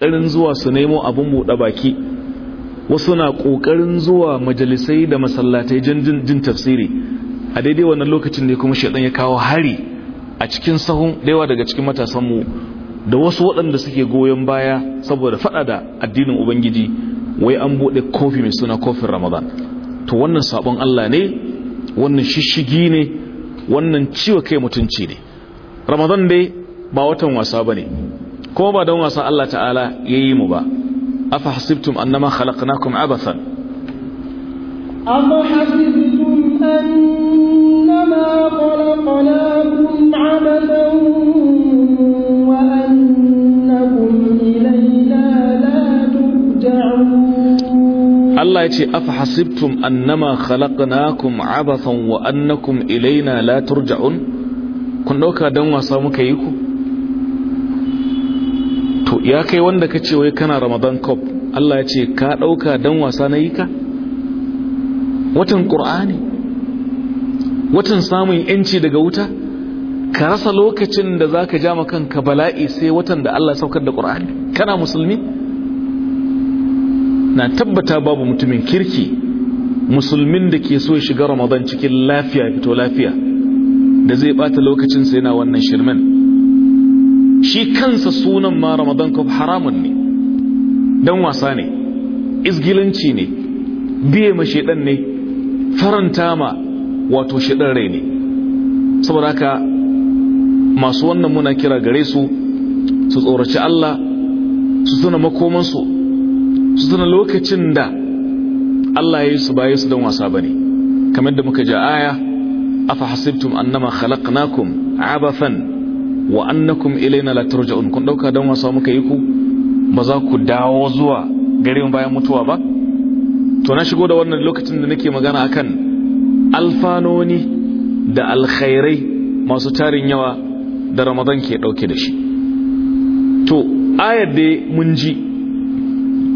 ƙoƙarin zuwa su nemo abin buɗe baki wasu na ƙoƙarin zuwa majalisai da masallatai jin tafsiri a daidai wannan lokacin ne kuma shaɗan ya kawo hari a cikin sahun yawa daga cikin matasanmu da wasu waɗanda suke goyon baya saboda faɗa da addinin ubangiji wai an buɗe kofi mai suna kofin ramadan to wannan sabon allah ne wannan shishigi ne wannan ciwo kai mutunci ne ramadan dai ba watan wasa ba ne ko ba don wasan Allah ta'ala yayi mu ba afa hasibtum annama khalaqnakum abathan afa hasibtum annama khalaqnakum abathan wa annakum ilayna la turja'un Allah ya ce afa hasibtum annama khalaqnakum abathan wa annakum ilayna la turja'un kun dauka don wasa muka yi ku ya kai wanda ka ce wai kana ramadan cup Allah ya ce ka ɗauka don wasa na yi ka watan ƙur'ani watan samun yanci daga wuta ka rasa lokacin da za ka ja kanka bala'i sai watan da Allah saukar da ƙur'ani kana musulmi na tabbata babu mutumin kirki musulmin da ke so shiga ramadan cikin lafiya fito lafiya da zai ɓata lokacinsa yana wannan shirmen shi kansa sunan ma ramadan kuf haramun ne dan wasa ne izgilanci ne biye ma shedan ne faranta ma wato shedan rai ne saboda haka masu wannan muna kira gare su su tsoraci Allah su tuna makomansu su tuna lokacin da Allah ya yi su baye su dan wasa bane kamar da muka ja aya afa hasibtum annama khalaqnakum abathan wa annakum ilaina la turja'un kun dauka dan wasa muka yi ku ba za ku dawo zuwa garin bayan mutuwa ba to na shigo da wannan lokacin da nake magana akan alfanoni da alkhairai masu tarin yawa da Ramadan ke dauke da shi to ayar da mun ji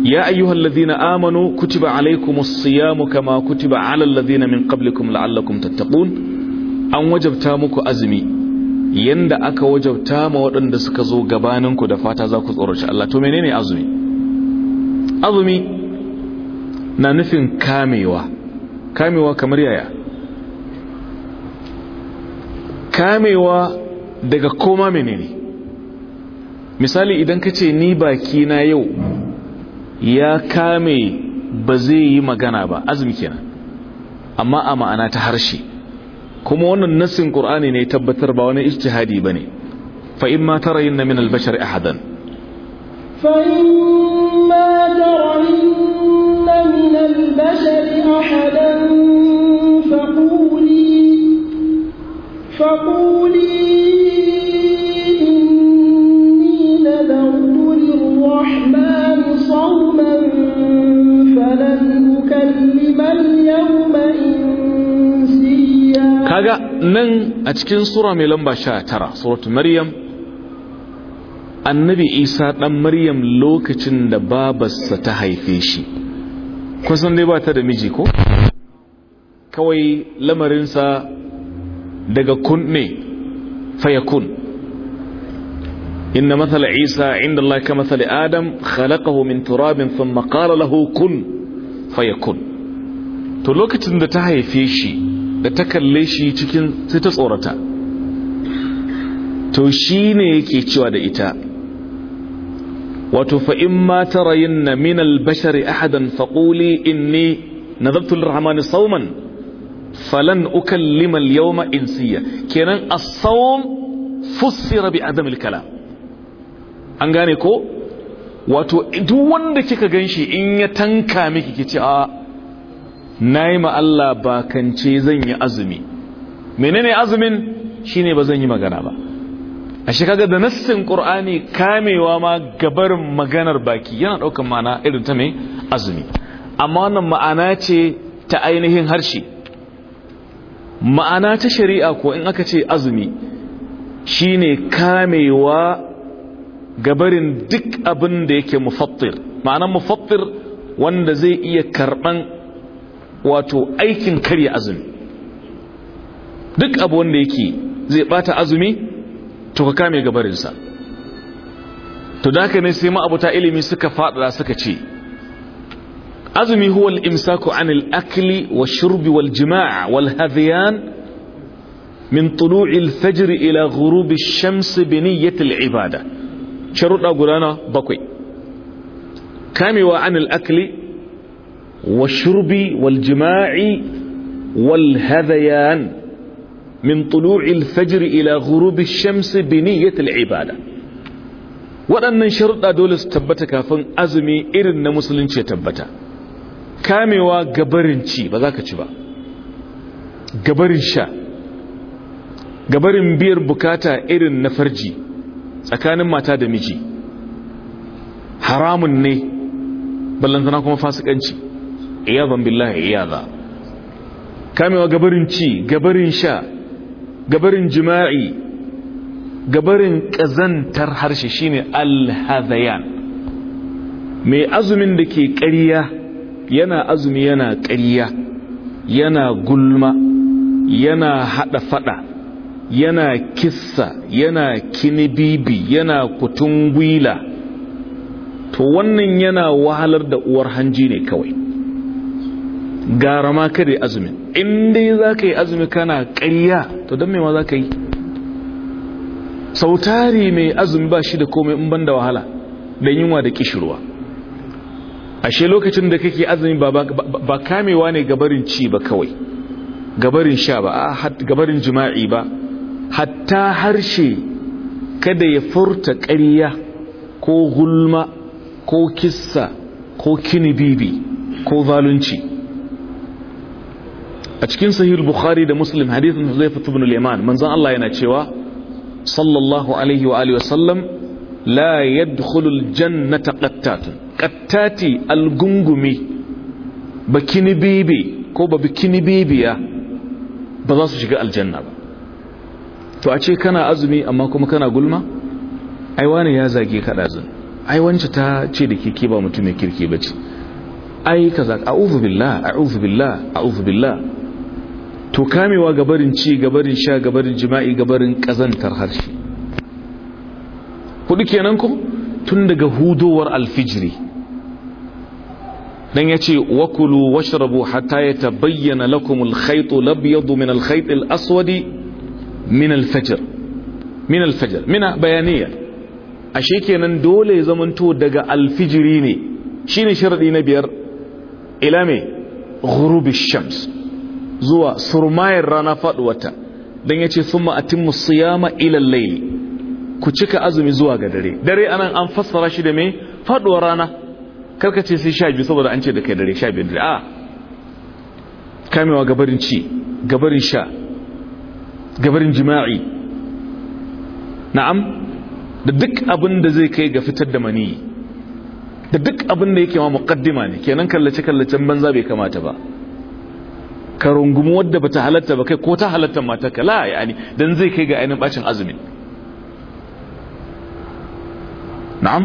ya ayyuhal ladhina amanu kutiba alaykumus siyamu kama kutiba alal ladhina min qablikum la'allakum tattaqun an wajabta muku azumi yanda aka wajabta ma waɗanda suka zo gabaninku da fata za ku tsoraci Allah to menene azumi azumi na nufin kamewa kamewa kamar yaya kamewa daga koma menene misali idan kace ni baki na yau ya kame ba zai yi magana ba azumi kenan amma a ma'ana ta harshe kuma wannan nassin qur'ani ne tabbatar ba wani ijtihadi bane fa in ma tarayna min al-bashar ahadan fa in ma tarayna min al-bashar ahadan faquli faquli kaga nan a cikin sura mai lamba 19 suratul maryam annabi isa dan maryam lokacin da babarsa ta haife shi kusan dai ba ta da miji ko kawai lamarinsa daga kun ne fayakun inna matsala isa inda Allah ka matsala adam khalaqahu min turabin thumma qala lahu kun fayakun to lokacin da ta haife shi da ta kalle shi cikin sai ta tsorata to shi ne yake cewa da ita wato fa'in ma tara yin na minal bashari ahadan faƙuli in ne na zartun rahamani sauman falan ukan yauma yawma siya. kenan a saum fusira bi adamil kala an gane ko wato duk wanda kika ganshi in ya tanka miki kici a na yi Allah ce zan yi azumi menene azumin shi ne ba zan yi magana ba a shekaga da nassin ƙur'ani kamewa ma gabarin maganar baki yana ɗaukan ma'ana irin ta mai azumi amma wannan ma'ana ce ta ainihin harshe ma'ana ta shari'a ko in aka ce azumi shi ne kamewa gabarin duk abin da yake mufattir ma'anan mufattir wanda zai iya karɓan wato aikin karya azumi duk abu wanda yake zai bata azumi to ka kame gabarinsa to da haka ne sai ma'abuta ilimi suka fadada suka ce azumi huwa al-imsaku anil akli wa shurbi wal jima'a wal hadiyan min tulu'il tajiri fajr ila ghurubi ash-shams bi niyyati al-ibada sharuda gudana bakwai kamewa anil akli والشرب والجماع والهذيان من طلوع الفجر إلى غروب الشمس بنية العبادة وانا شرط دول استبتا كافن أزمي إرن مسلين تبتا كاميوا قبرن شي بذاك شبا قبرن شا قبرن بير بكاتا إرن نفرجي أكان ما تادمجي حرام ني بل أنتنا كما فاسق أنشي iyadan billahi iyada kamewa gabarin ci gabarin sha gabarin jima'i gabarin kazantar harshe shine alhadayan mai azumin da ke ƙarya yana azumi yana ƙarya yana gulma yana hada fada yana kissa yana kinibibi yana kutungwila to wannan yana wahalar da uwar hanji ne kawai gara ma kada azumin in dai za ka yi azumi kana ƙarya to don mai za ka yi sautari mai azumi ba shi da komai in ban da wahala don yunwa da kishirwa ashe lokacin da kake azumi ba kamewa ne gabarin ci ba kawai gabarin sha ba gabarin jima'i ba hatta harshe kada ya furta ƙarya ko gulma ko kissa ko kini bibi ko zalunci a cikin sahihul bukhari da muslim hadithin huzaifa ibn al-yaman manzon Allah yana cewa sallallahu alaihi wa alihi wa sallam la yadkhulu al-jannata qattatun qattati al-gungumi bakini bibi ko ba bikini bibiya ba za su shiga aljanna ba to a ce kana azumi amma kuma kana gulma ai wani ya zage ka dazun ai wancan ta ce da kike ba mutum ya kirki bace ai kaza a'udhu billah a'udhu billah a'udhu billah to kamewa gabarin ci gabarin sha gabarin jima'i gabarin kazantar harshe hudu kenan ku tun daga hudowar alfijiri dan yace wakulu washrabu hatta yatabayyana lakum alkhayt alabyad min alkhayt alaswad min alfajr min alfajr mina bayaniya ashe kenan dole ya zamanto daga alfijiri ne shine sharadi na biyar ila me ghurubish shams zuwa surmayar rana faduwata don ya ce sun ma'atin musayama ilan laili ku cika azumi zuwa ga dare dare anan an fassara shi da mai faduwar rana karkace sai sha biyu saboda an ce da kai dare sha biyu dare a kamewa gabarin ci gabarin sha gabarin jima'i na'am da duk abin da zai kai ga fitar da mani, da duk abin da yake ma muqaddima ne kenan kallace kallacen banza bai kamata ba ka rungumi wadda ba ta halatta ba kai ko ta halatta mata ka la yani don zai kai ga ainihin bacin azumi na'am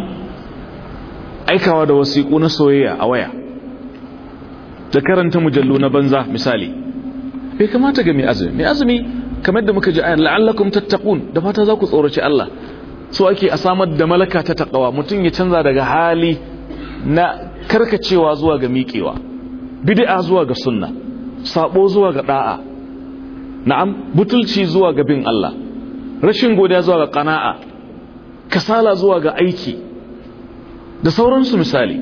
aikawa da wasiƙu na soyayya a waya da karanta mujallu na banza misali bai kamata ga mai azumi mai azumi kamar da muka ji ayar la'allakun tattakun da fata za ku tsoraci Allah so ake a samar da malaka ta takawa mutum ya canza daga hali na karkacewa zuwa ga miƙewa bid'a zuwa ga sunna sabo zuwa ga da'a na'am butulci zuwa ga bin Allah rashin godiya zuwa ga ƙana'a, kasala zuwa ga aiki da sauransu misali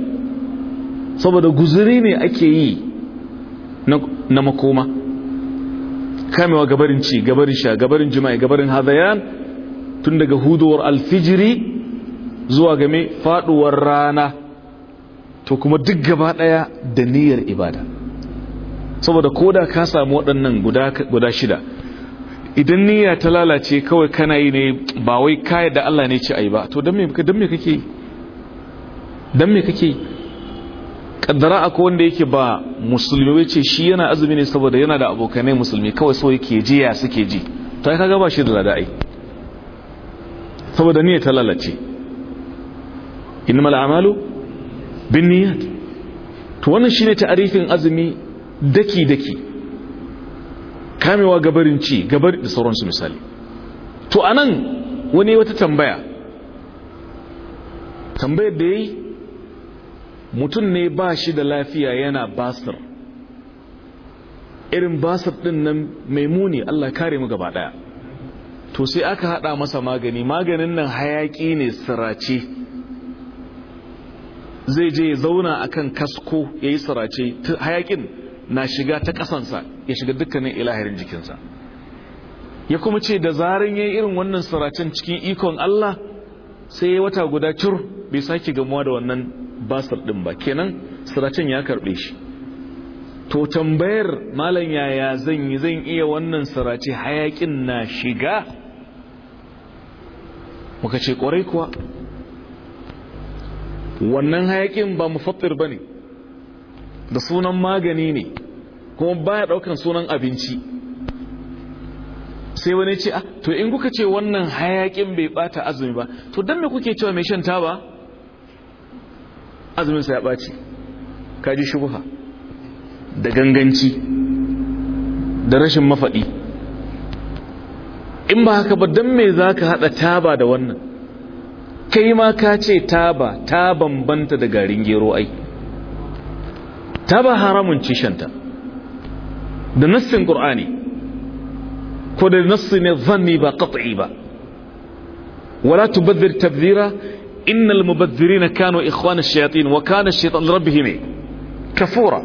saboda guzuri ne ake yi na makoma kamewa gabarin ci gabarin sha gabarin jima'i gabarin hadayan tun daga huduwar alfijiri zuwa game faduwar rana to kuma duk gaba daya da niyyar ibada saboda koda ka samu waɗannan guda shida idan niyya ta lalace kawai kana yi ne ba wai kaya da Allah ne ce yi ba to don me kake dan me kake kaddara akwai wanda yake ba musulmi wace shi yana azumi ne saboda yana da abokanai musulmi kawai so yake ji ya suke ji to ai kaga ba shi da lada'ai saboda niyya ta lalace mala'amalu bin binniyat to wannan shine arifin azumi daki-daki kamewa gabarin ci gabar da sauransu misali to anan wani wata tambaya tambayar da ya yi mutum ne ba shi da lafiya yana basir irin basir din nan mai muni Allah kare mu gaba daya to sai aka hada masa magani maganin nan hayaki ne sirace zai je ya zauna akan kasko yayi sirace hayakin na shiga ta kasansa ya shiga dukkanin ilahirin jikinsa ya kuma ce da zarin ya irin wannan saracen cikin ikon Allah sai ya wata guda cur bai sake gamuwa da wannan basar ɗin ba kenan saracen ya karɓe shi to tambayar malam yaya zan yi zan iya wannan sarace hayakin na shiga muka ce ƙwarai kuwa wannan hayakin ba mu mufattir ba ne da sunan magani ne kuma baya daukan sunan abinci sai wani ce ah to in kuka ce wannan hayakin bai bata azumi ba to dan me kuke cewa mai shan taba azumin sa ya ka kaji shubha da ganganci da rashin mafadi in ba haka ba dan me zaka hada taba da wannan kai ma ka ce taba ta bambanta da garin gero ai taba haramun cishanta ta. da nassin qur'ani ko da nassi ne zanni ba qat'i ba wala tubadhir tabdhira innal mubadhirina kanu ikhwana ash-shayatin wa kana ash-shaytan rabbihim kafura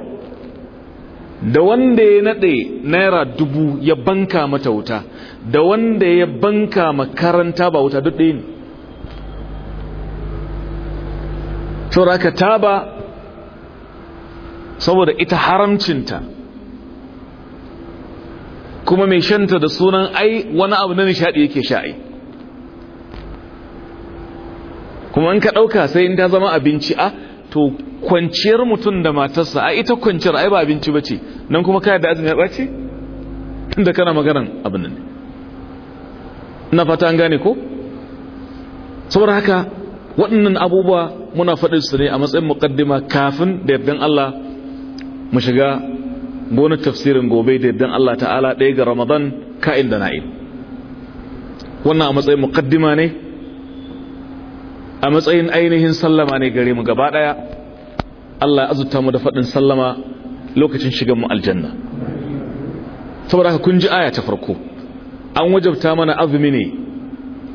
da wanda ya nade naira dubu ya banka mata wuta da wanda ya banka makaranta ba wuta duk ɗaya ka saboda ita haramcinta kuma mai shanta da sunan ai wani abu na nishadi yake sha'ai kuma in ka ɗauka sai in ta zama abinci a ah, to kwanciyar mutum da matarsa a ah, ita kwanciyar ai ba abinci ba ce nan kuma kayar da azumi ya inda kana maganan abin nan na fata an gane ko saboda haka waɗannan abubuwa muna faɗin su ne a matsayin muƙaddima kafin da yardan Allah mu shiga gonar tafsirin gobe da yardan Allah ta'ala ɗaya ga ramadan ka'in da na'in wannan a matsayin muqaddima ne a matsayin ainihin sallama ne gare mu gaba ɗaya Allah ya azuta mu da faɗin sallama lokacin shigan mu aljanna saboda haka kun ji aya ta farko an wajabta mana azumi ne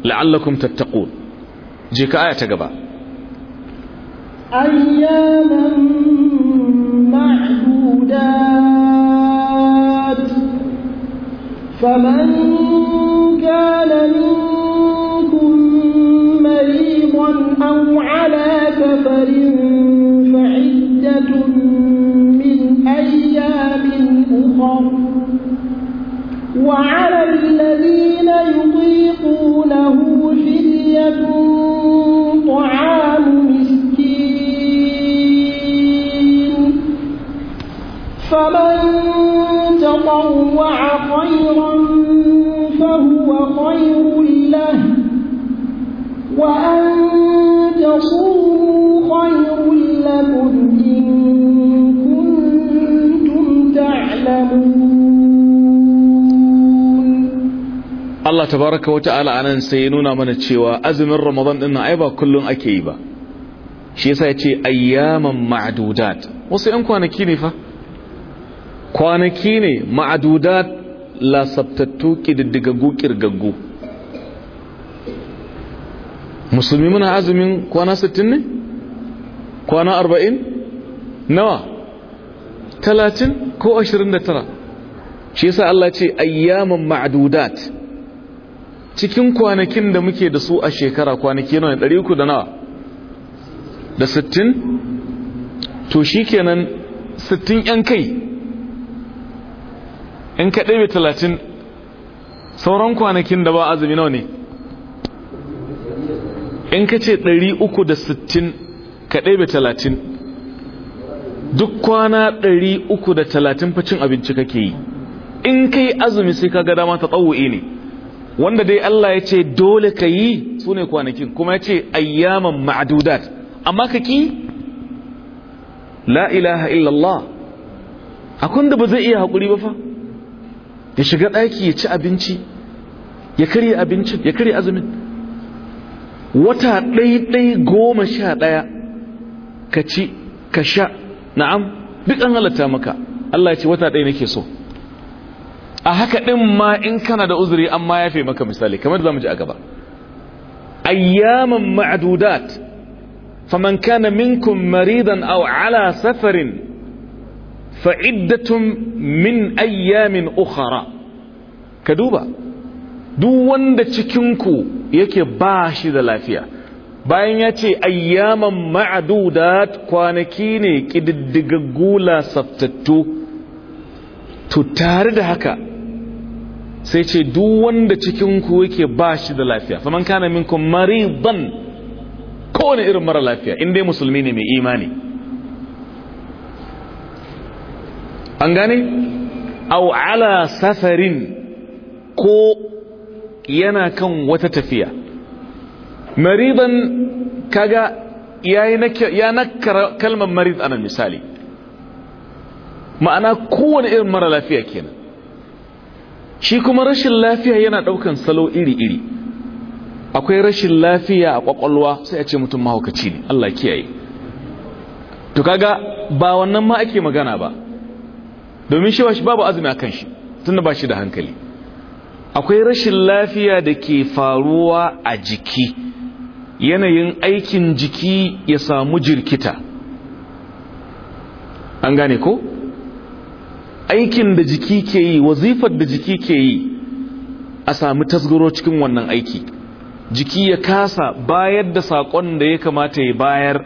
la'allakum tattaqun je ka aya ta gaba ayyaman ma'dudat فمن tabaraka wa ta'ala anan sai ya nuna mana cewa azumin ramadan din nan ai ba kullun ake yi ba shi yasa ya ayyaman ma'dudat wasu yan kwanaki ne fa kwanaki ne ma'dudat lasabtattu kididdigaggu kirgaggu musulmi muna azumin kwana 60 ne kwana 40 nawa 30 ko 29 shi yasa Allah ce ayyaman ma'dudat cikin kwanakin da muke da su a shekara kwanaki nawa ɗari uku da nawa da sittin to shi kenan sittin yan kai in ka ɗabe talatin sauran kwanakin da ba azumi nawa ne in ka ce ɗari uku da sittin ka ɗabe talatin duk kwana ɗari uku da talatin facin abinci kake yi in kai azumi sai ka ga dama ta tsawo'e ne wanda dai Allah ya ce dole ka yi su ne kwanakin kuma ya ce ayyaman ma'adudat amma ka ki la ilaha illallah akwai da ba zai iya haƙuri ba fa ya shiga ɗaki ya ci abinci ya karya abincin ya azumin wata ɗaiɗai goma sha ɗaya ka ci ka sha na'am duk an halatta maka Allah ya ce wata ɗaya nake so a haka ɗin ma in kana da uzuri an ma yafe maka misali kamar da zamu ji a gaba ayyaman ma'adudat faman kana minkum maridan aw ala safarin fa'iddatun min ayyamin ukhra ka duba duk wanda cikinku yake ba shi da lafiya bayan ya ce ayyaman ma'adudat kwanaki ne ƙididdigaggu lasaftattu to tare da haka sai ce duk wanda cikinku ku yake ba shi da lafiya faman kana minkum maridan kowane irin mara lafiya in dai musulmi ne mai imani an gane au ala safarin ko yana kan wata tafiya maridan kaga ya nakara kalmar marid anan misali ma'ana kowane irin mara lafiya kenan shi kuma rashin lafiya yana daukan salo iri-iri akwai rashin lafiya a kwakwalwa sai a ce mutum mahaukaci ne Allah kiyaye to kaga ba wannan ma ake magana ba domin shi shi babu azumi akan shi tunda ba shi da hankali akwai rashin lafiya da ke faruwa a jiki yanayin aikin jiki ya samu jirkita an gane ko aikin da jiki ke yi wazifar da jiki ke yi a sami tasgaro cikin wannan aiki jiki ya kasa bayar da saƙon da ya kamata ya bayar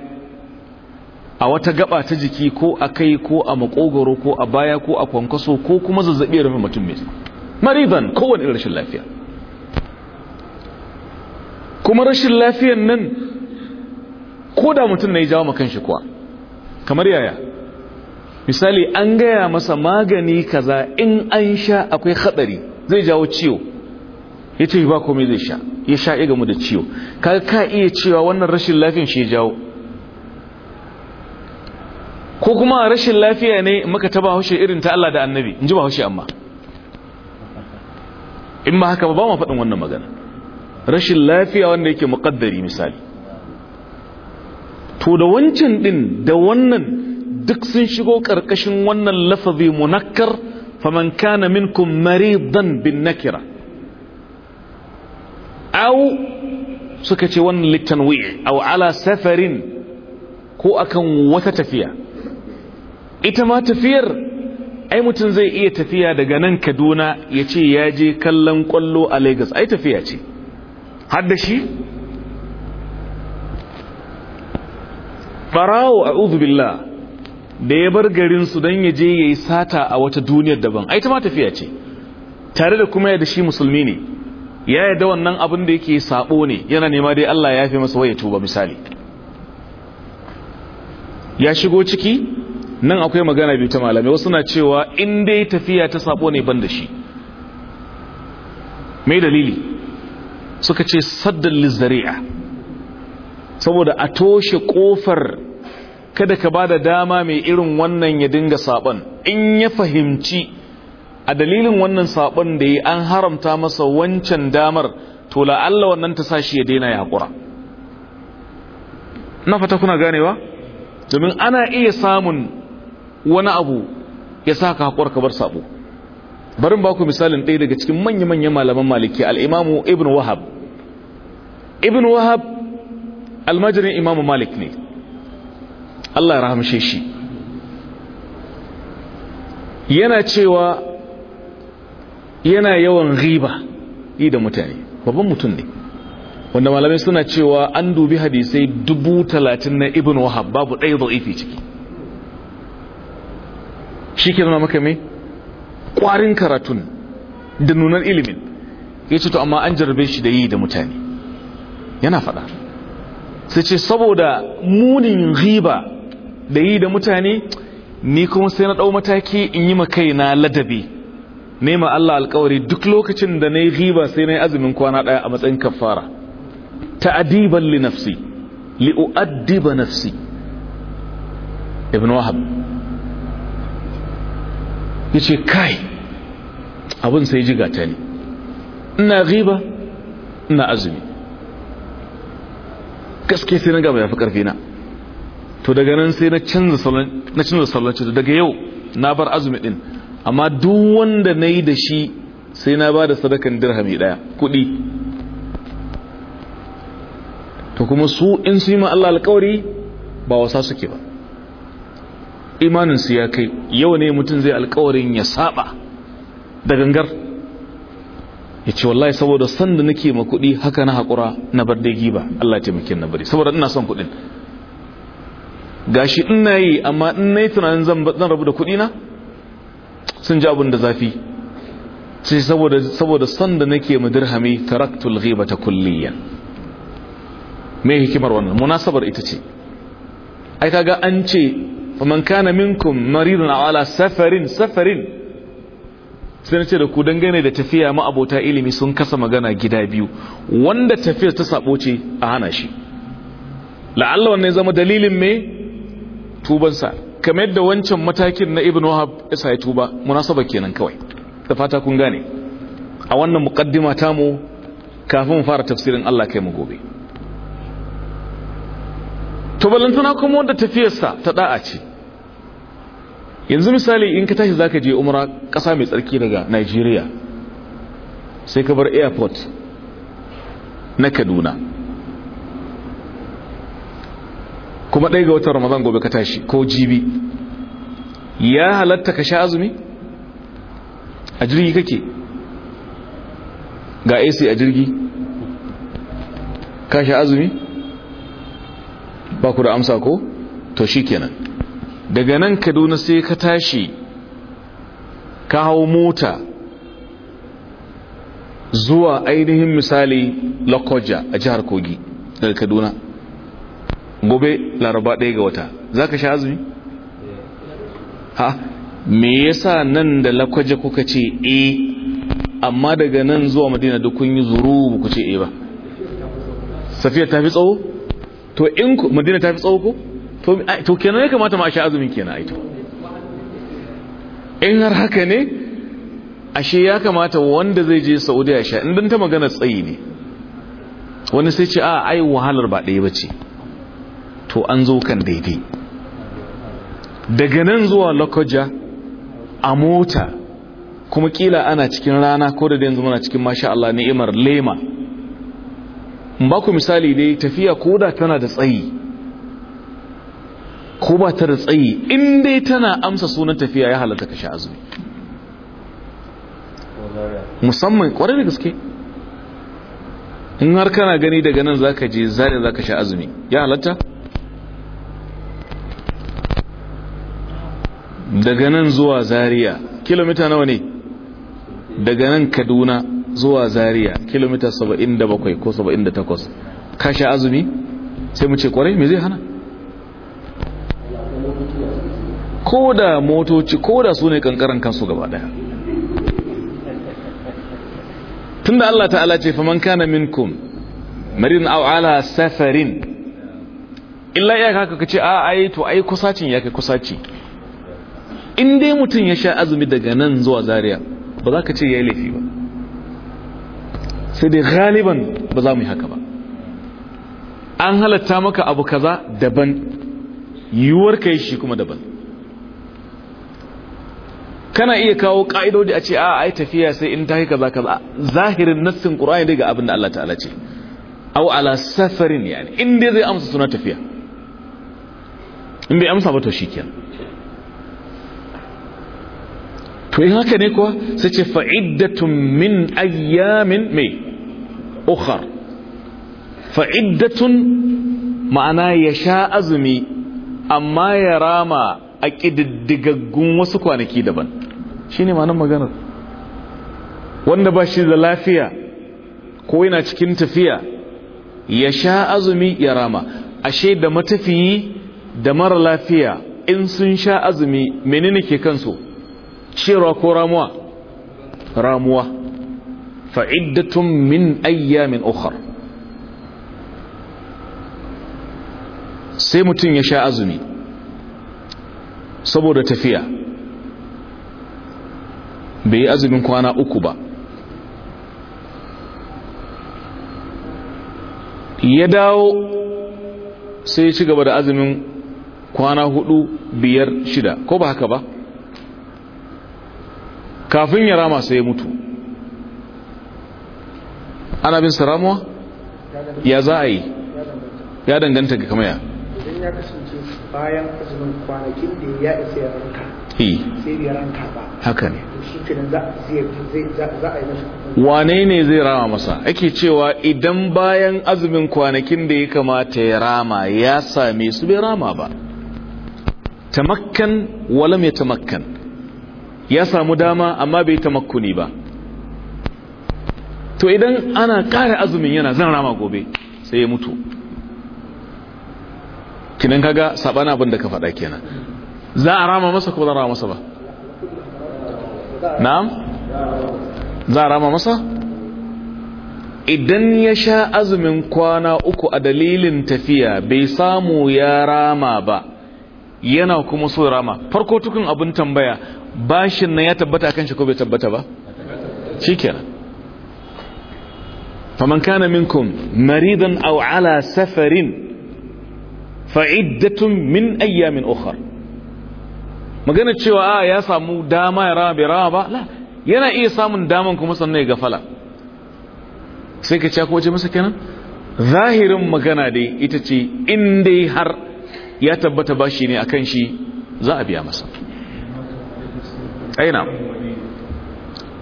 a wata gaba ta jiki ko a kai ko a makogoro ko a baya ko a kwankwaso ko kuma zazzabi rufe mutum mai maridan kowane irin rashin lafiya kuma rashin lafiyan nan ko da mutum na yi jawo makan shi kuwa kamar yaya misali an gaya masa magani kaza in an sha akwai hadari zai jawo ciwo ya ce ba komai zai sha ya sha iya gamu da ciwo kaga ka iya cewa wannan rashin lafiyan shi ya jawo ko kuma rashin lafiya ne maka taba haushe irin ta Allah da annabi in ji ba haushe amma in ma haka ba ma faɗin wannan magana rashin lafiya wanda yake muƙaddari misali to da wancan din da wannan duk sun shigo ƙarƙashin wannan lafazi munakkar faman kana minkum maridan bin nakira aw suka ce wannan litanwi aw ala safarin ko akan wata tafiya ita ma tafiyar ai mutum zai iya tafiya daga nan Kaduna ya ce ya je kallon kwallo a Lagos ai tafiya ce har da shi barawo a'udhu billah da ya bar garinsu don ya je ya yi sata a wata duniyar daban ai ta ma tafiya ce tare da kuma yadda shi musulmi ne ya yadda wannan abin da yake sabo ne yana nema dai Allah ya fi masa waye tuba misali ya shigo ciki nan akwai magana biyu ta malamai wasu na cewa in dai tafiya ta sabo ne ban da shi mai dalili suka ce saddan lizzari'a saboda a toshe kofar kada ka bada dama mai irin wannan ya dinga saban in ya fahimci a dalilin wannan saban da yi an haramta masa wancan damar to la'alla wannan ta sa shi ya daina ya haƙura na fata kuna ganewa domin ana iya samun wani abu ya sa ka haƙura ka bar sabo barin ba misalin ɗaya daga cikin manya-manyan malaman maliki al'imamu ibn wahab ibn wahab almajirin imamu malik ne Allah ya rahamshe shi yana cewa yana yawan riba yi da mutane babban mutum ne wanda malamai suna cewa an dubi hadisai dubu talatin na ibn wahab babu ɗaya za'ifi ciki shi ke zama maka mai ƙwarin karatun da nunar ilimin ya ce to amma an jarbe shi da yi da mutane yana faɗa sai ce saboda munin riba da yi da mutane ni kuma sai na ɗau mataki in yi ma na ladabi nema Allah alkawari duk lokacin da na yi riba sai na yi azumin kwana ɗaya a matsayin kafara ta'adiban li nafsi li u'addiba nafsi ibn wahab yace kai abin sai ji gata ne ina riba ina azumi gaske sai na gaba yafi karfi na to daga nan sai na canza salon to daga yau na bar azumi din amma duk wanda na yi da shi sai na ba da sadakan dirhami daya kudi to kuma su in su yi ma Allah alkawari ba wasa suke ba imanin su ya kai yau ne mutum zai alkawarin ya saba da gangar ya ce wallahi saboda sanda nake ma kudi haka na haƙura na bar dai giba Allah taimakin na bari saboda ina son kudin gashi ina yi amma in na yi tunanin zan rabu da na. sun ji abin da zafi sai saboda son da nake mu dirhami taraktul ghibata kulliyan me hikimar wannan munasabar ita ce ai kaga an ce man kana minkum maridun ala safarin safarin sai ce da ku dangane da tafiya ma abota ilimi sun kasa magana gida biyu wanda tafiyar ta sabo ce a hana shi la'alla wannan zama dalilin me tubansa kamar yadda wancan matakin na ibn wahab ya sai tuba munasaba kenan kawai da fata kun gane a wannan muqaddima ta mu kafin fara tafsirin Allah kai mu gobe to balantana kuma wanda tafiyarsa ta da'a ce yanzu misali in ka tashi zaka je umra kasa mai tsarki daga Nigeria sai ka bar airport na Kaduna kuma ɗaya ga watan ramadan gobe ka tashi ko jibi ya halatta ka sha azumi a jirgi kake ga ac a jirgi ka sha azumi ba ku da amsa ko to shi kenan daga nan kaduna sai ka tashi ka hau mota zuwa ainihin misali lokoja a jihar kogi daga kaduna gobe laraba ɗaya ga wata za ka sha azumi? ha me yasa nan da lakwaje kuka ce e amma daga nan zuwa madina duk kun yi zuru ku ce e ba safiya ta fi tsawo? to in ku madina ta fi tsawo ko? to kenan ya kamata ma a sha azumin kenan aito in har haka ne ashe ya kamata wanda zai je saudiya sha indin ta magana tsayi ne wani sai ce a ai wahalar ba ɗaya ba ce to an zo kan daidai daga nan zuwa lokoja a mota kuma kila ana cikin rana ko da yanzu muna cikin masha Allah ni'imar lema ba ku misali dai tafiya koda tana da tsayi ko ba ta da tsayi in dai tana amsa sunan tafiya ya halatta ka sha azumi musamman kwarai da gaske in har kana gani daga nan zaka je zare zaka sha azumi ya halatta daga nan zuwa Zariya kilomita nawa ne daga nan kaduna zuwa Zariya kilomita 77 ko 78 kashe azumi sai mu ce kwarai me zai hana ko da motoci ko da su ne kankaran kansu gaba daya tun da Allah ta'ala ce faman kana minkum marin aw ala safarin illa iyaka ka ce a ai to ai kusacin ya kai kusaci in dai mutum ya sha azumi daga nan zuwa Zariya, ba za ka ce ya yi laifi ba sai dai galiban ba za mu yi haka ba an halatta maka abu kaza daban yiwuwar ka yi shi kuma daban kana iya kawo ka'idodi a ce a ai tafiya sai in ta kaza kaza zahirin nassin qur'ani daga abin da Allah ta'ala ce au ala safarin yani in dai zai amsa suna tafiya in bai amsa ba to to in haka ne kuwa sai ce fa'iddatun min ayyamin mai ukhar fa'iddatun ma'ana ya sha azumi amma ya rama a ƙididdigaggun wasu kwanaki daban shi ne ma'anar maganar wanda ba shi da lafiya ko yana cikin tafiya ya sha azumi ya rama ashe da matafiyi da mara lafiya in sun sha azumi menene ke kansu ciyarwa ko ramuwa ramuwa fa'iddatun min min ukhar sai mutum ya sha azumi saboda tafiya bai yi azumin kwana uku ba ya dawo sai ya ci gaba da azumin kwana hudu biyar shida ko ba haka ba kafin ya rama sai ya mutu ana bin saramuwa ya za a yi ya danganta ga kamaya idan ya kasance bayan azumin kwanakin da ya isa ya ranka sai ya ranka ba haka ne wane ne zai rama masa ake cewa idan bayan azumin kwanakin da ya kamata ya rama ya same su bai rama ba tamakkan wala mai tamakkan ya samu dama amma bai tamakkuni ba to idan ana ƙara azumin yana zan rama gobe sai ya mutu kinan kaga sabana abin da ka faɗa kenan za a rama masa ko za a rama masa ba na'am za a rama masa idan ya sha azumin kwana uku a dalilin tafiya bai samu ya rama ba yana kuma so rama farko tukun abin tambaya bashin nan ya tabbata kan shi ko bai tabbata ba shikenan faman kana minkum maridan aw ala safarin fa'iddatun min ayyamin ukhra magana cewa a ah, ya samu dama ya rama bai rama ba la yana iya samun daman kuma sannan ya gafala sai ka ci waje masa kenan zahirin magana dai ita ce in dai har ya tabbata bashi ne akan shi za a biya masa aina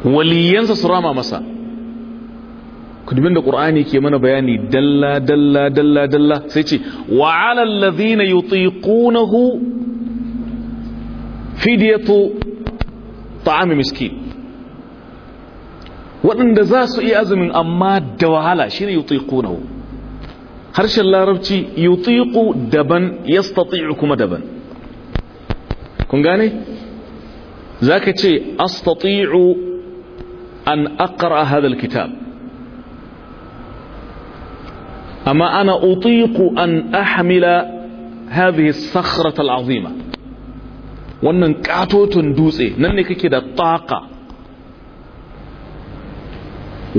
waliyansa su rama masa ku dubin da qur'ani ke mana bayani dalla dalla dalla dalla sai ce wa ala alladhina yutiqunahu fidyatu ta'am miskin wadanda za su iya azumin amma da wahala shi ne yi harshen larabci yutiqu daban yastati'u kuma daban kun gane zaka ce astati'u an aqra hadha alkitab amma ana utiqu an ahmila hadhihi as-sakhrata al-'azima wannan katoton dutse nan ne kake da taqa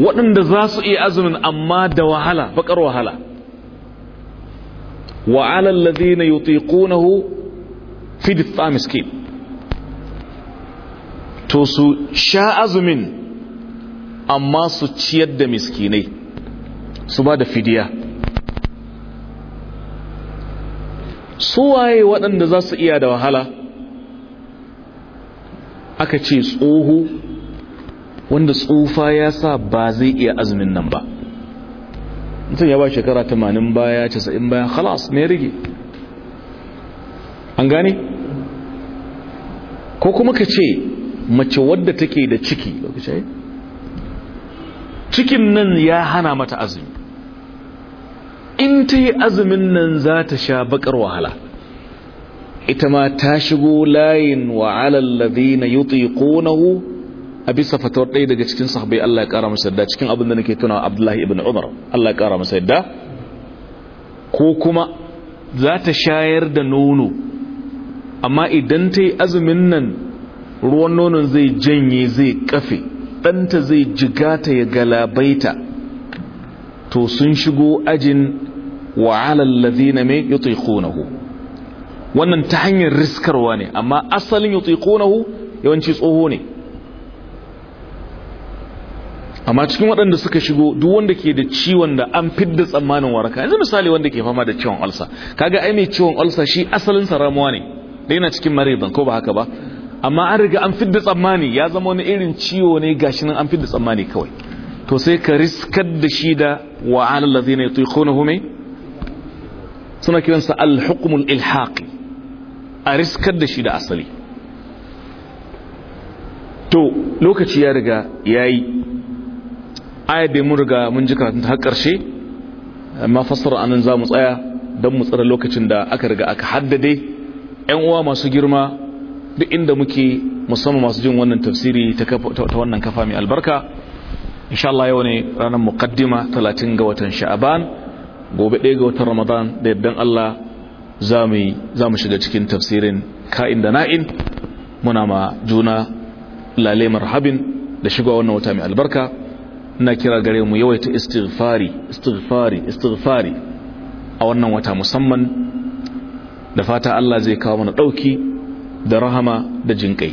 waɗanda za su iya azumin amma da wahala bakar wahala wa alal ladina yutiqunahu fi dithamiskin to su sha azumin amma su ciyar da miskinai su ba da fidiya su waye waɗanda za su iya da wahala aka ce tsohu wanda tsufa ya sa ba zai iya azumin nan ba mutum ya ba shekara 80 baya 90 baya halas ne rige an gane ko kuma ka ce mace wadda take da ciki cikin nan ya hana mata azumi in ta yi azumin nan za ta sha bakar wahala ita ma ta shigo layin wa alallazi na na hu. a bisa fatawar ɗaya daga cikin sahabai Allah ya ƙara masa yadda cikin abin da nake tunawa abdullahi ibn umar Allah ya ƙara masa yadda ko kuma za ta shayar da nono amma idan ta yi azumin nan ruwan nonon zai janye zai kafe ɗanta zai jigata ya galabaita to sun shigo ajin wa wa'alallazi na mai yutikunahu wannan ta hanyar riskarwa ne amma asalin yutikunahu yawanci tsoho ne amma cikin waɗanda suka shigo duk wanda ke da ciwon da an fidda tsammanin waraka yanzu misali wanda ke fama da ciwon alsa kaga ai mai ciwon alsa shi asalin sa ramuwa ne da yana cikin maridan ko ba haka ba amma an riga an fidda tsammani ya zama wani irin ciwo ne gashi nan an fidda tsammani kawai to sai ka riskar da shi da wa ala ladhina yutiqunahu mai suna kiransa al-hukmul ilhaqi a riskar da shi da asali to lokaci ya riga yayi aya da mun riga mun ji karatun har karshe amma fasara anan zamu tsaya dan mu tsara lokacin da aka riga aka haddade yan uwa masu girma duk inda muke musamman masu jin wannan tafsiri ta wannan kafa mai albarka insha Allah yau ne ranar muqaddima 30 ga watan sha'aban gobe ɗaya ga watan ramadan da yaddan Allah za mu shiga cikin tafsirin ka'in da na'in muna ma juna lale marhabin da shiga wannan wata mai albarka ina kira gare mu yawaita istighfari istighfari istighfari a wannan wata musamman da fata Allah zai kawo mana ɗauki da rahama da jinƙai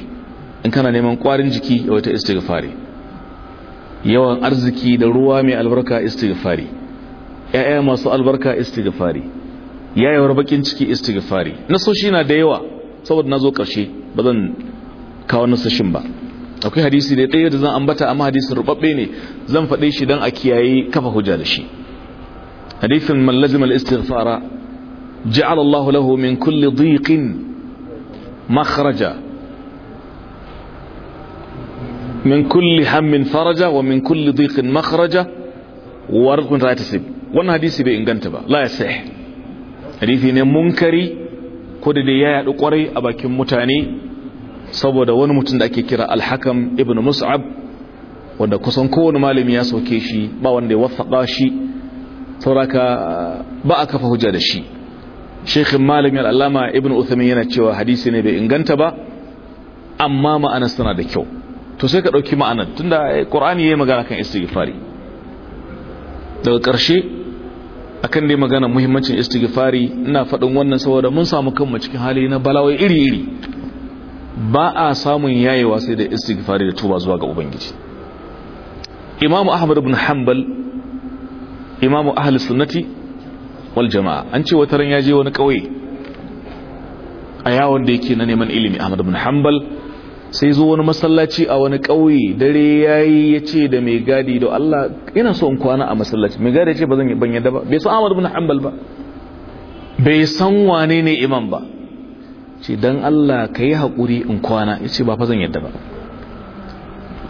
in kana neman ƙwarin jiki ya wata istighfari yawan arziki da ruwa mai albarka istighfari Yaya masu albarka istighfari yayawar bakin ciki istighfari nasoshi na da yawa saboda na zo ƙarshe ba zan kawo nasoshin ba akwai hadisi da ɗaya da zan ambata amma hadisin rubabbe ne zan faɗe shi don a kiyaye kafa hujja da shi hadisin man lazima al-istighfara ja'ala Allahu lahu min kulli dhiqin مخرجا hammin faraja, wa فرجا ومن كل ضيق مخرجا ورزق لا تسب wannan hadisi bai inganta ba la hadisi ne munkari ko da ya yadu kwarai a bakin mutane saboda wani mutum da ake kira Alhakan, hakam ibn mus'ab wanda kusan kowane malami ya soke shi ba wanda ya wafaqa shi sauraka ba a kafa hujja da shi shekhin malami alama ibn uthamin yana cewa hadisi ne bai inganta ba amma ma'anar suna da kyau to sai ka ɗauki ma'anar tunda ƙorani ya yi magana kan istighfari daga ƙarshe akan dai magana muhimmancin istighfari ina faɗin wannan saboda mun samu kanmu cikin hali na balawai iri-iri ba a samun yayewa sai da istighfari da tuba zuwa ga ubangiji imamu ahmad ibn hanbal imamu ahli sunnati wal jama'a an ce wata ran ya je wani kauye a yawon da yake na neman ilimi Ahmad ibn Hanbal sai zo wani masallaci a wani kauye dare yayi yace da mai gadi da Allah ina so in kwana a masallaci mai gadi yace bazan ban yadda ba bai san Ahmad ibn Hanbal ba bai san wane ne imam ba ce dan Allah kai hakuri in kwana yace ba fa zan yadda ba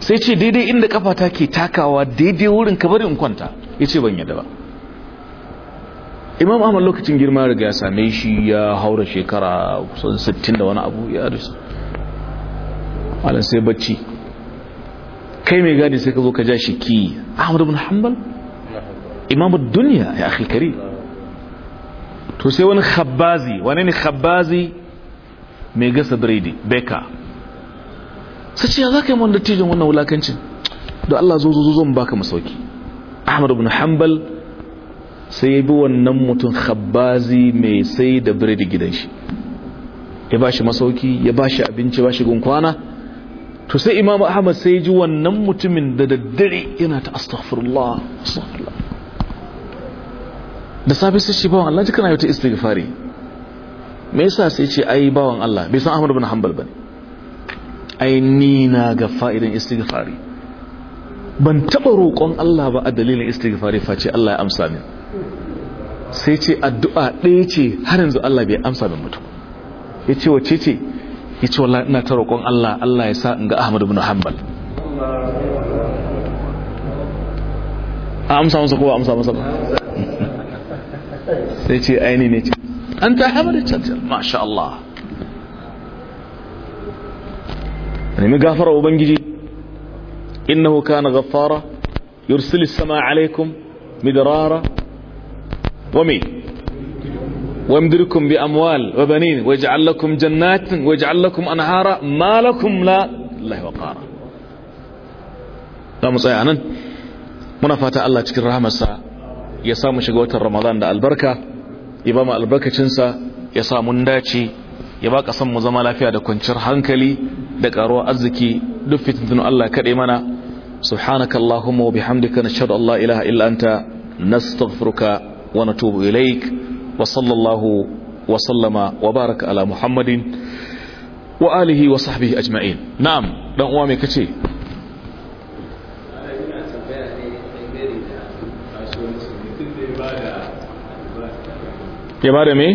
sai ce daidai inda kafa ke takawa daidai wurin ka bari in kwanta yace ban yadda ba imam ahmad lokacin girma riga ya same shi ya haura shekara kusan 60 da wani abu ya risa alin sai bacci kai mai gadi sai ka zo ka ja shi ki ahmad ibn hanbal imam duniya ya akhikari to sai wani khabbazi wani ne khabbazi mai gasa biredi beka sai ce ya za ka yi wanda tijin wannan wulakancin da Allah zo zo zo ka baka masauki ahmad ibn hanbal sai bi wannan mutum khabbazi mai sai da biredi gidan shi ya ba shi masauki ya ba shi abinci ba shi gunkwana to sai imamu ahmad sai ji wannan mutumin da daddare yana ta astaghfirullah astaghfirullah da safe sai shi bawan Allah jikana yau ta istighfari me yasa sai ce ai bawan Allah bai san Ahmad ibn Hanbal bane ai ni na ga fa'idan istighfari ban taba roƙon Allah ba a dalilin istighfari face Allah ya amsa min sai ce addu'a ɗaya ce har yanzu Allah bai amsa bin mutu ya ce wace ce ya ce wala ina ta roƙon Allah Allah ya sa in ga Ahmadu bin Hanbal a amsa masa kowa amsa masa ba sai ce aini ne ce an ta hamar da canjar masha Allah nemi gafara ubangiji innahu kana gafara yursilis sama alaikum midrara ومي وامدركم بأموال وبنين ويجعل لكم جنات ويجعل لكم أنهارا ما لكم لا الله وقارا لا مصيعنا muna fata Allah cikin rahamarsa ya samu shiga watan Ramadan da albarka ya ba mu albarkacinsa ya sa mun dace ya ba kasan mu zama lafiya da kwanciyar hankali da karuwar arziki duk fitintun Allah kaɗe mana subhanakallahumma wa bihamdika nashhadu an la ilaha illa anta nastaghfiruka ونتوب إليك وصلى الله وسلم وبارك على محمد وآله وصحبه أجمعين نعم دان أوامي كتي ya ba da me?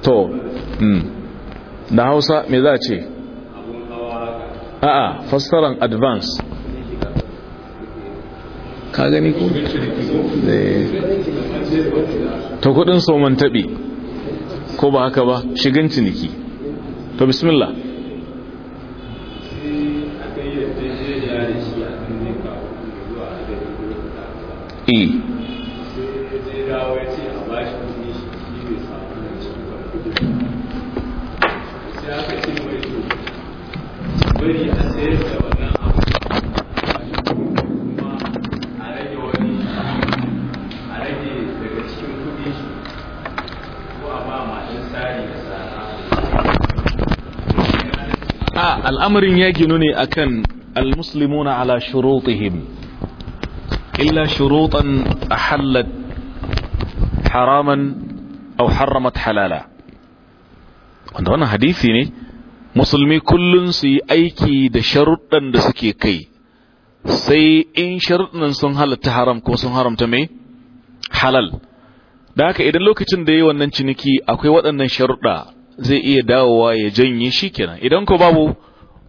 to da hausa me za ce? a'a fassaran advance ka gani ko eh. ta kudin soman taɓi ko ba haka ba shigan ciniki to bismillah e Thank you. al'amarin yaki nune akan almuslimuna ala shurutihim illa a ahallat haraman au harramat halala wanda wannan hadisi ne musulmi kullum su yi aiki da sharuɗan da suke kai sai in sharuɗan sun halatta haram ko sun haramta mai halal da haka idan lokacin da ya yi wannan ciniki akwai waɗannan sharuɗa zai iya dawowa ya janye shi kenan idan ko babu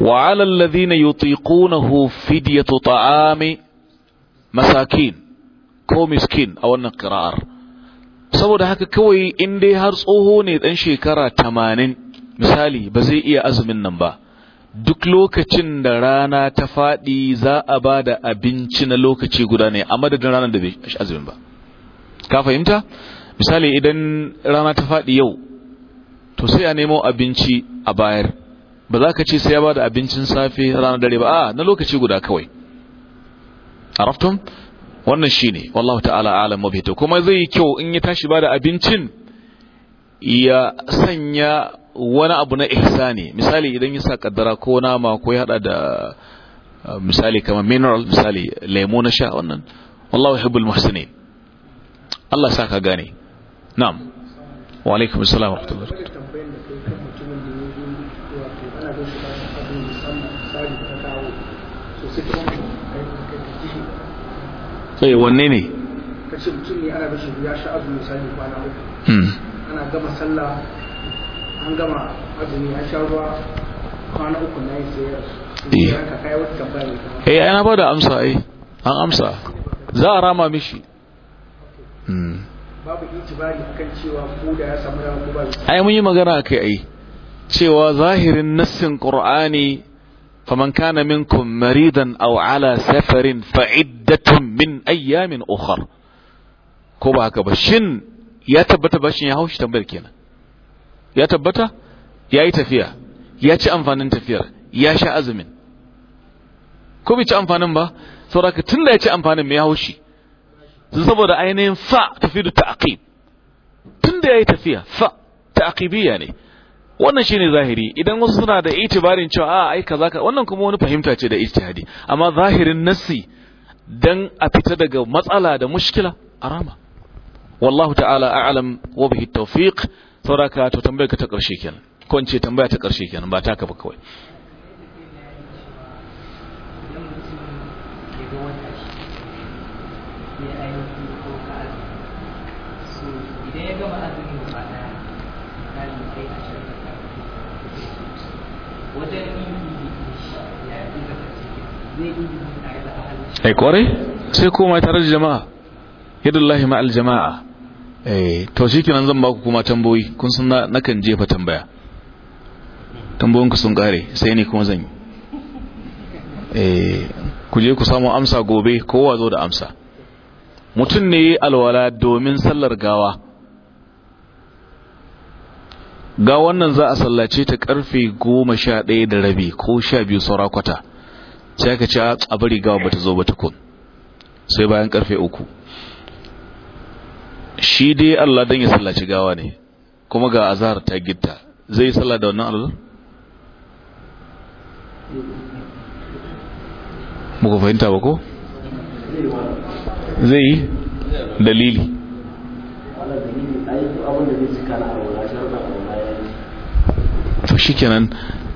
وعلى الذين يطيقونه فدية طعام Masakin ko miskin a wannan kira'ar saboda haka kawai in dai har tsoho ne dan shekara tamanin misali ba zai iya azumin nan ba duk lokacin da rana ta faɗi za a ba da abinci na lokaci guda ne a madadin ranar da bai azumin ba ka fahimta misali idan rana ta faɗi yau to sai a nemo abinci a bayar ba za ka ce sai ya ba da abincin safe ranar dare ba a na lokaci guda kawai araftum wannan shi ne wallahu ta'ala alam mabhita kuma zai yi kyau in ya tashi ba da abincin ya sanya wani abu na ihsani misali idan ya sa kaddara ko nama ko ya hada da ah, misali kamar mineral misali lemo na sha wannan wallahu yuhibbul muhsinin Allah sa ka gane na'am wa alaikumus salam wa rahmatullahi sai eh, wanne ne kace mutum ana bashi ya sha azumi misali kwana uku hmm. ana gama sallah an gama azumi ya sha ruwa kwana uku na yi sayar ka kai wata tambaya eh ana ba da amsa eh an amsa za a rama mishi hmm. babu itibari akan cewa ko da ya samu rama ko ba ai mun yi magana kai ai cewa zahirin nassin qur'ani faman min minkum maridan aw ala safarin fa iddatun min ayyamin ukhar ko ba haka ba shin ya tabbata ba shin ya haushi tambayar kenan ya tabbata ya yi tafiya ya ci amfanin tafiyar ya sha azumin ko bai ci amfanin ba sauraka tun da ya ci amfanin mai haushi saboda ainihin fa tafi da ta'aqib tun da ya yi tafiya fa ta'aqibiyya ne wannan shine zahiri idan wasu suna da itibarin cewa a ai kaza ka wannan kuma wani fahimta ce da ijtihadi amma zahirin nassi dan a fita daga matsala da mushkila arama wallahu ta'ala a'lam wa bihi tawfiq sauraka to tambayar ka ta karshe kenan ko in ce tambaya ta karshe kenan ba ta kafa kawai ai eh, kwarai sai komai tare da jama'a yadullahi ma'al jama'a eh to kenan zan baku kuma tamboyi kun san na kan jefa tambaya tambayoyin ku sun kare sai ne kuma zan yi eh ku je ku samu amsa gobe kowa zo da amsa mutum ne alwala domin sallar gawa ga wannan za a sallace ta karfe goma sha ɗaya da rabi ko sha biyu saura kwata sai ka ci a bari gawa bata zo ba kun, sai bayan karfe uku shi dai Allah dan ya sallaci gawa ne kuma ga azhar ta gitta zai salla da wannan Allah Muka fahimta ba ko zai yi dalili to shikenan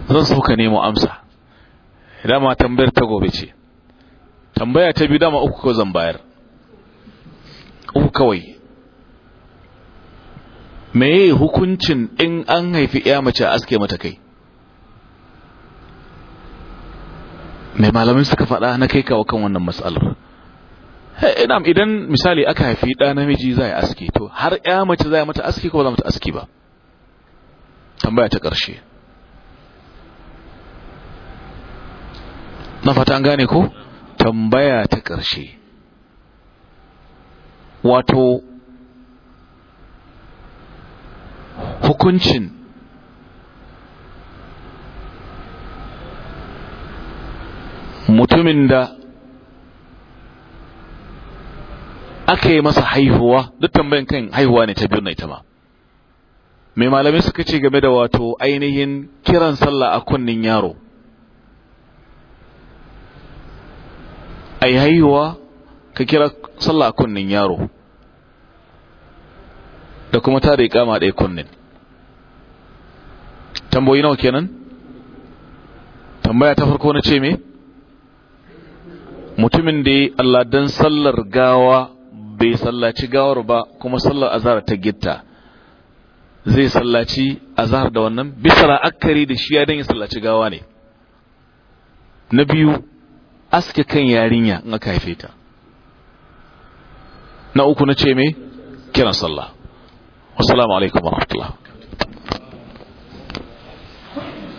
zan so ka nemo amsa dama tambayar ta gobe ce tambaya ta biyu dama uku ko zan bayar uku kawai meye hukuncin in an haifi iya mace a aske mata kai mai malamin suka faɗa na kai kawo kan wannan matsalar idan misali aka haifi ɗa namiji za a aski to har ya mace za mata aski ko ba za mata aski ba tambaya ta ƙarshe na fata an gane ko tambaya ta ƙarshe wato hukuncin mutumin da aka yi masa haihuwa duk tambayin kan haihuwa ne ta biyu na ita ma mai malamai suka ce game da wato ainihin kiran sallah a kunnin yaro ai haihuwa ka kira sallah a kunnin yaro da kuma tare kama ɗaya kunnin tamboyi nawa kenan tambaya ta farko na ce me mutumin da ya Allah dan sallar gawa bai sallaci gawar ba kuma sallar azara ta gitta zai sallaci zahar da wannan bisa akari da shi ya dan ya sallaci gawa ne na biyu aske kan yarinya in aka haife ta na uku na ce me kiran sallah wassalamu alaikum wa rahmatullah